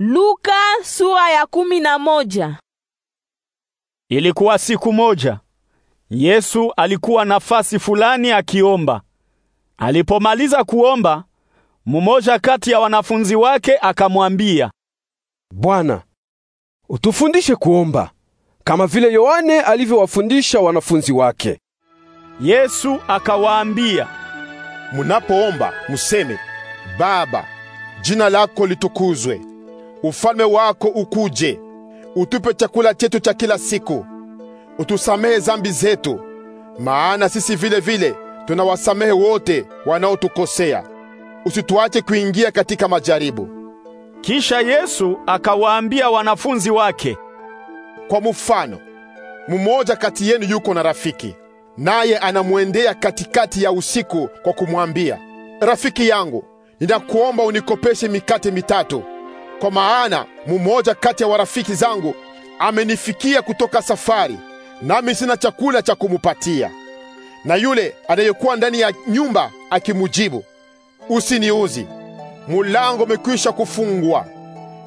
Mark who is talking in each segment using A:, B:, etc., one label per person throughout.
A: Luka sura ya kumi na moja. Ilikuwa siku moja, Yesu alikuwa nafasi fulani akiomba. Alipomaliza kuomba, mmoja kati ya wanafunzi wake akamwambia, Bwana, utufundishe kuomba kama vile Yohane
B: alivyowafundisha wanafunzi wake. Yesu akawaambia, munapoomba museme, Baba, jina lako litukuzwe ufalme wako ukuje. Utupe chakula chetu cha kila siku. Utusamehe zambi zetu, maana sisi vile vile tunawasamehe wote wanaotukosea. Usituache kuingia katika majaribu. Kisha Yesu akawaambia wanafunzi wake, kwa mfano, mmoja kati yenu yuko na rafiki, naye anamwendea katikati ya usiku kwa kumwambia, rafiki yangu, ninakuomba unikopeshe mikate mitatu kwa maana mumoja kati ya warafiki zangu amenifikia kutoka safari, nami sina chakula cha kumupatia. Na yule anayekuwa ndani ya nyumba akimujibu, usiniuzi, mulango umekwisha kufungwa,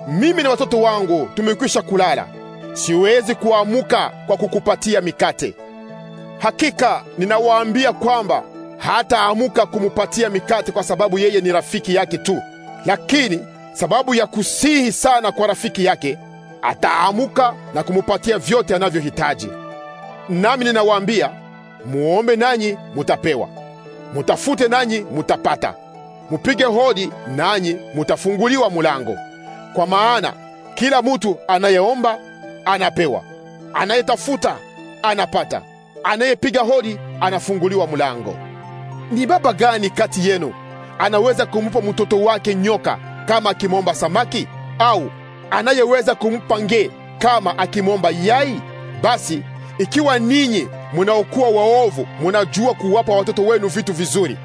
B: mimi na watoto wangu tumekwisha kulala, siwezi kuamuka kwa kukupatia mikate. Hakika ninawaambia kwamba hataamuka kumupatia mikate kwa sababu yeye ni rafiki yake tu, lakini sababu ya kusihi sana kwa rafiki yake, ataamuka na kumupatia vyote anavyohitaji. Nami ninawaambia, muombe nanyi mutapewa, mutafute nanyi mutapata, mupige hodi nanyi mutafunguliwa mulango. Kwa maana kila mutu anayeomba anapewa, anayetafuta anapata, anayepiga hodi anafunguliwa mulango. Ni baba gani kati yenu anaweza kumupa mtoto wake nyoka kama akimwomba samaki, au anayeweza kumpa nge kama akimwomba yai? Basi ikiwa ninyi munaokuwa waovu munajua kuwapa watoto wenu vitu vizuri,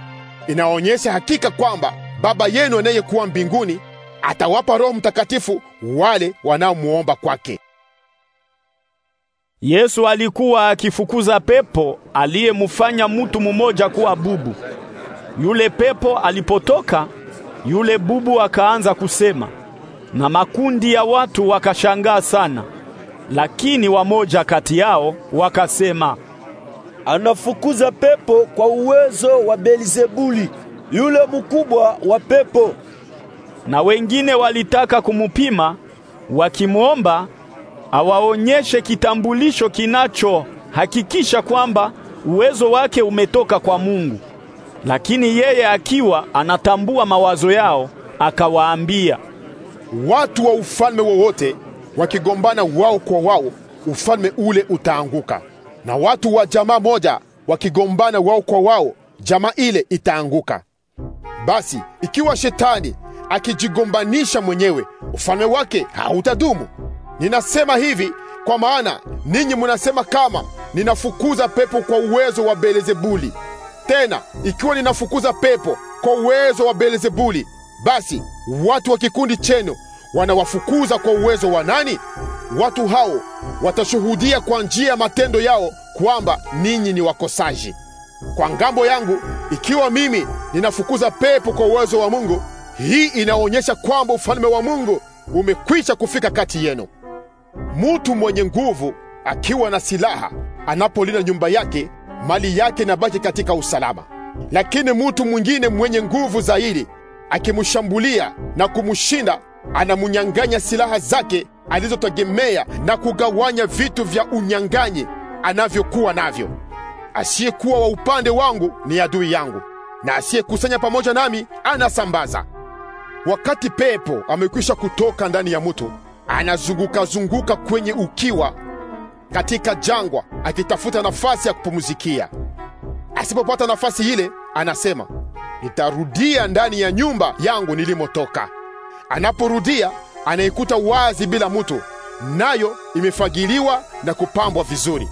B: inaonyesha hakika kwamba Baba yenu anayekuwa mbinguni atawapa Roho Mtakatifu wale wanaomwomba kwake. Yesu
A: alikuwa akifukuza pepo aliyemfanya mtu mmoja kuwa bubu. Yule pepo alipotoka yule bubu akaanza kusema na makundi ya watu wakashangaa sana, lakini wamoja kati yao wakasema, anafukuza pepo kwa uwezo wa Belzebuli, yule mkubwa wa pepo. Na wengine walitaka kumupima wakimwomba awaonyeshe kitambulisho kinachohakikisha kwamba uwezo wake umetoka kwa Mungu. Lakini yeye akiwa anatambua mawazo yao, akawaambia,
B: watu wa ufalme wowote wakigombana wao kwa wao, ufalme ule utaanguka, na watu wa jamaa moja wakigombana wao kwa wao, jamaa ile itaanguka. Basi ikiwa shetani akijigombanisha mwenyewe, ufalme wake hautadumu. Ninasema hivi kwa maana ninyi munasema kama ninafukuza pepo kwa uwezo wa Beelzebuli. Tena ikiwa ninafukuza pepo kwa uwezo wa Beelzebuli, basi watu wa kikundi chenu wanawafukuza kwa uwezo wa nani? Watu hao watashuhudia kwa njia ya matendo yao kwamba ninyi ni wakosaji. Kwa ngambo yangu, ikiwa mimi ninafukuza pepo kwa uwezo wa Mungu, hii inaonyesha kwamba ufalme wa Mungu umekwisha kufika kati yenu. Mutu mwenye nguvu akiwa na silaha anapolinda nyumba yake mali yake inabaki katika usalama. Lakini mtu mwingine mwenye nguvu zaidi akimshambulia na kumshinda, anamunyang'anya silaha zake alizotegemea na kugawanya vitu vya unyang'anyi anavyokuwa navyo. Asiyekuwa wa upande wangu ni adui yangu, na asiyekusanya pamoja nami anasambaza. Wakati pepo amekwisha kutoka ndani ya mtu, anazunguka zunguka kwenye ukiwa katika jangwa akitafuta nafasi ya kupumzikia. Asipopata nafasi ile, anasema nitarudia ndani ya nyumba yangu nilimotoka. Anaporudia anaikuta wazi bila mtu, nayo imefagiliwa na kupambwa vizuri.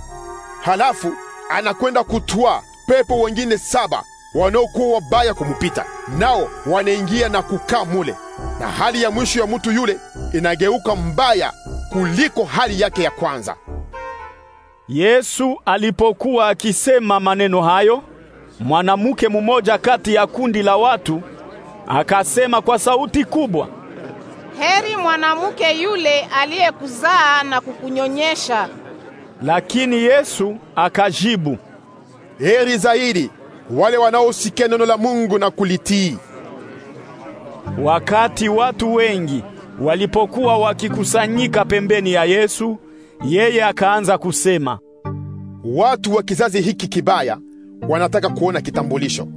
B: Halafu anakwenda kutwaa pepo wengine saba wanaokuwa wabaya kumupita, nao wanaingia na kukaa mule, na hali ya mwisho ya mtu yule inageuka mbaya kuliko hali yake ya kwanza.
A: Yesu alipokuwa akisema maneno hayo, mwanamke mmoja kati ya kundi la watu akasema kwa sauti kubwa, Heri mwanamke yule aliyekuzaa na kukunyonyesha.
B: Lakini Yesu akajibu, Heri zaidi wale wanaosikia neno la Mungu na kulitii. Wakati watu wengi
A: walipokuwa wakikusanyika pembeni ya Yesu, yeye akaanza kusema,
B: watu wa kizazi hiki kibaya wanataka kuona kitambulisho,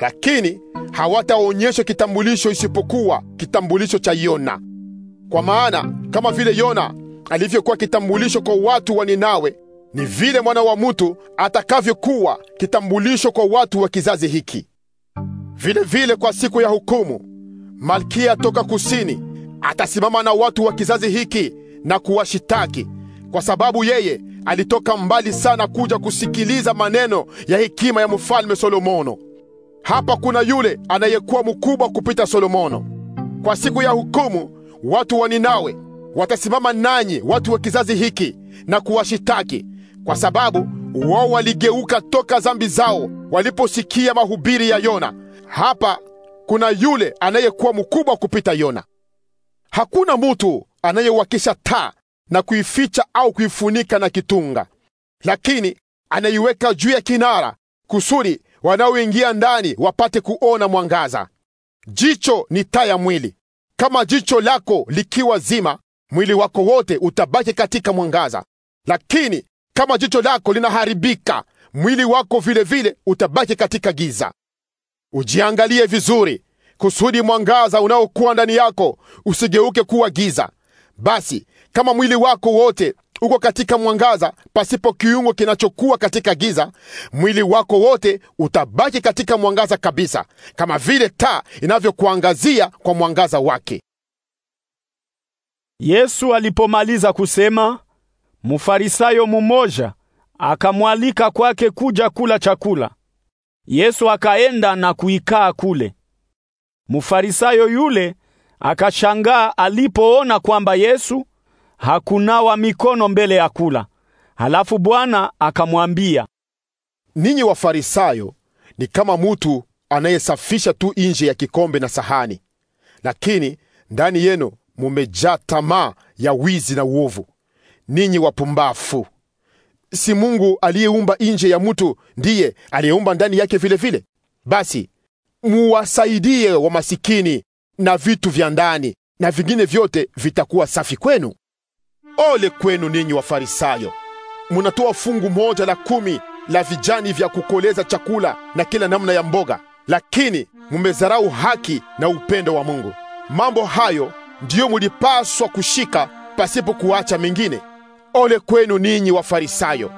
B: lakini hawataonyeshwa kitambulisho isipokuwa kitambulisho cha Yona. Kwa maana kama vile Yona alivyokuwa kitambulisho kwa watu wa Ninawe, ni vile mwana wa mtu atakavyokuwa kitambulisho kwa watu wa kizazi hiki. Vile vile kwa siku ya hukumu, malkia toka kusini atasimama na watu wa kizazi hiki na kuwashitaki kwa sababu yeye alitoka mbali sana kuja kusikiliza maneno ya hekima ya mfalme Solomono. Hapa kuna yule anayekuwa mkubwa kupita Solomono. Kwa siku ya hukumu, watu wa Ninawe watasimama nanyi, watu wa kizazi hiki, na kuwashitaki kwa sababu wao waligeuka toka dhambi zao waliposikia mahubiri ya Yona. Hapa kuna yule anayekuwa mkubwa kupita Yona. Hakuna mutu anayewakisha taa na kuificha au kuifunika na kitunga, lakini anaiweka juu ya kinara kusudi wanaoingia ndani wapate kuona mwangaza. Jicho ni taa ya mwili. Kama jicho lako likiwa zima, mwili wako wote utabaki katika mwangaza, lakini kama jicho lako linaharibika, mwili wako vilevile vile utabaki katika giza. Ujiangalie vizuri kusudi mwangaza unaokuwa ndani yako usigeuke kuwa giza. Basi kama mwili wako wote uko katika mwangaza pasipo kiungo kinachokuwa katika giza, mwili wako wote utabaki katika mwangaza kabisa, kama vile taa inavyokuangazia kwa mwangaza wake.
A: Yesu alipomaliza kusema, mfarisayo mumoja akamwalika kwake kuja kula chakula. Yesu akaenda na kuikaa kule. Mfarisayo yule akashangaa alipoona kwamba Yesu hakunawa mikono mbele ya kula. Halafu Bwana
B: akamwambia, ninyi Wafarisayo ni kama mutu anayesafisha tu nje ya kikombe na sahani, lakini ndani yenu mumejaa tamaa ya wizi na uovu. Ninyi wapumbafu! Si Mungu aliyeumba nje ya mtu ndiye aliyeumba ndani yake vile vile? Basi muwasaidie wamasikini na vitu vya ndani, na vingine vyote vitakuwa safi kwenu. Ole kwenu ninyi Wafarisayo, munatoa fungu moja la kumi la vijani vya kukoleza chakula na kila namna ya mboga, lakini mumezarau haki na upendo wa Mungu. Mambo hayo ndiyo mulipaswa kushika pasipo kuacha mengine. Ole kwenu ninyi Wafarisayo,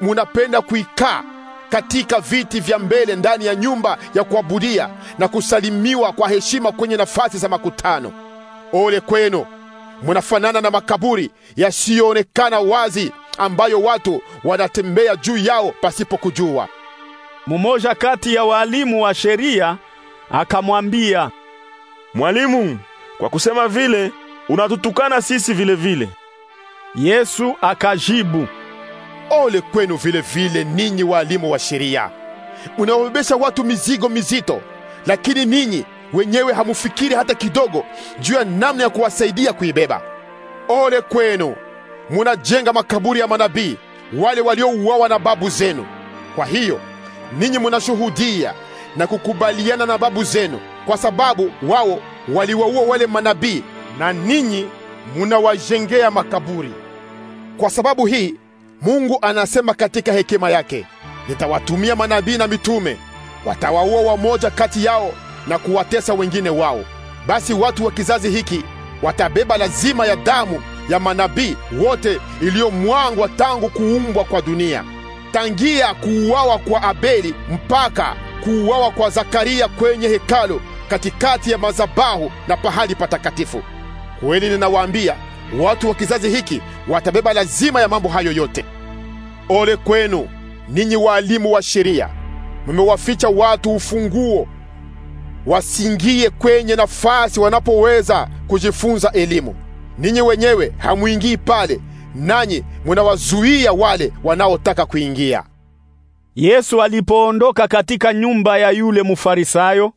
B: munapenda kuikaa katika viti vya mbele ndani ya nyumba ya kuabudia na kusalimiwa kwa heshima kwenye nafasi za makutano. Ole kwenu Munafanana na makaburi yasiyoonekana wazi ambayo watu wanatembea juu yao pasipo kujua Mumoja kati ya walimu wa sheria
A: akamwambia, Mwalimu, kwa kusema vile
B: unatutukana sisi vile vile. Yesu akajibu, Ole kwenu vile vile ninyi walimu wa sheria, munaobebesha watu mizigo mizito, lakini ninyi wenyewe hamufikiri hata kidogo juu ya namna ya kuwasaidia kuibeba. Ole kwenu, munajenga makaburi ya manabii wale waliouawa na babu zenu. Kwa hiyo ninyi munashuhudia na kukubaliana na babu zenu, kwa sababu wao waliwaua wale manabii na ninyi munawajengea makaburi. Kwa sababu hii Mungu anasema katika hekima yake, nitawatumia manabii na mitume, watawaua wamoja kati yao na kuwatesa wengine wao. Basi watu wa kizazi hiki watabeba lazima ya damu ya manabii wote iliyomwangwa tangu kuumbwa kwa dunia, tangia kuuawa kwa Abeli mpaka kuuawa kwa Zakaria kwenye hekalu, katikati ya mazabahu na pahali patakatifu. Kweli ninawaambia, watu wa kizazi hiki watabeba lazima ya mambo hayo yote. Ole kwenu ninyi waalimu wa sheria, mmewaficha watu ufunguo wasiingie kwenye nafasi wanapoweza kujifunza elimu. Ninyi wenyewe hamwingii pale, nanyi munawazuia wale wanaotaka
A: kuingia. Yesu alipoondoka katika nyumba ya yule Mufarisayo,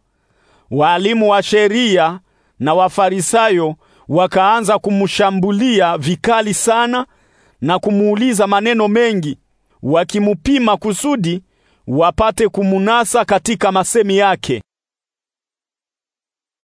A: walimu wa sheria na Wafarisayo wakaanza kumshambulia vikali sana na kumuuliza maneno mengi, wakimupima kusudi wapate kumunasa katika masemi yake.